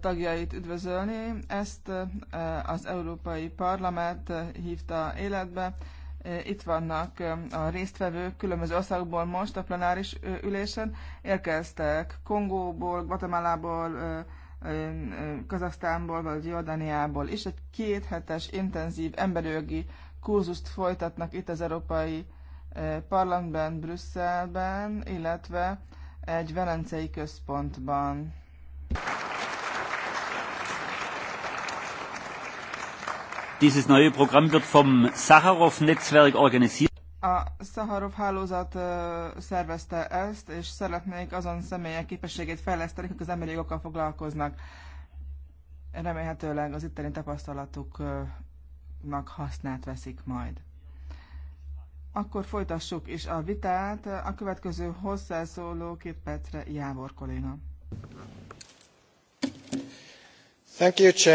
tagjait üdvözölni. Ezt az Európai Parlament hívta életbe. Itt vannak a résztvevők különböző országokból most a plenáris ülésen. Érkeztek Kongóból, Guatemalából, Kazaksztánból vagy Jordániából is. Egy két hetes intenzív emberjogi kurzust folytatnak itt az Európai Parlamentben, Brüsszelben, illetve egy velencei központban. Dieses neue Programm wird vom netzwerk organisiert. A Szaharov hálózat szervezte ezt, és szeretnék azon személyek képességét fejleszteni, akik az emberi jogokkal foglalkoznak. Remélhetőleg az itteni tapasztalatuknak hasznát veszik majd. Akkor folytassuk is a vitát. A következő hozzászóló két percre Jávor kolléga. Thank you, Chair.